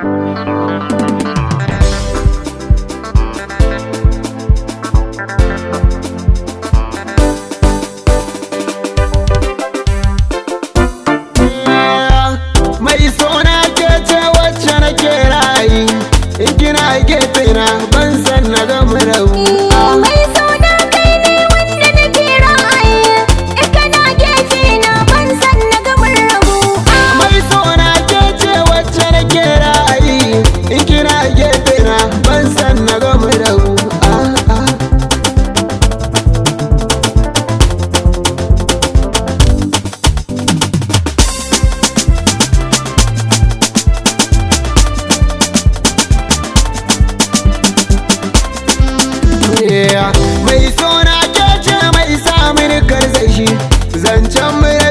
Thank you. mai sona ce mai samun karzashi zancen mai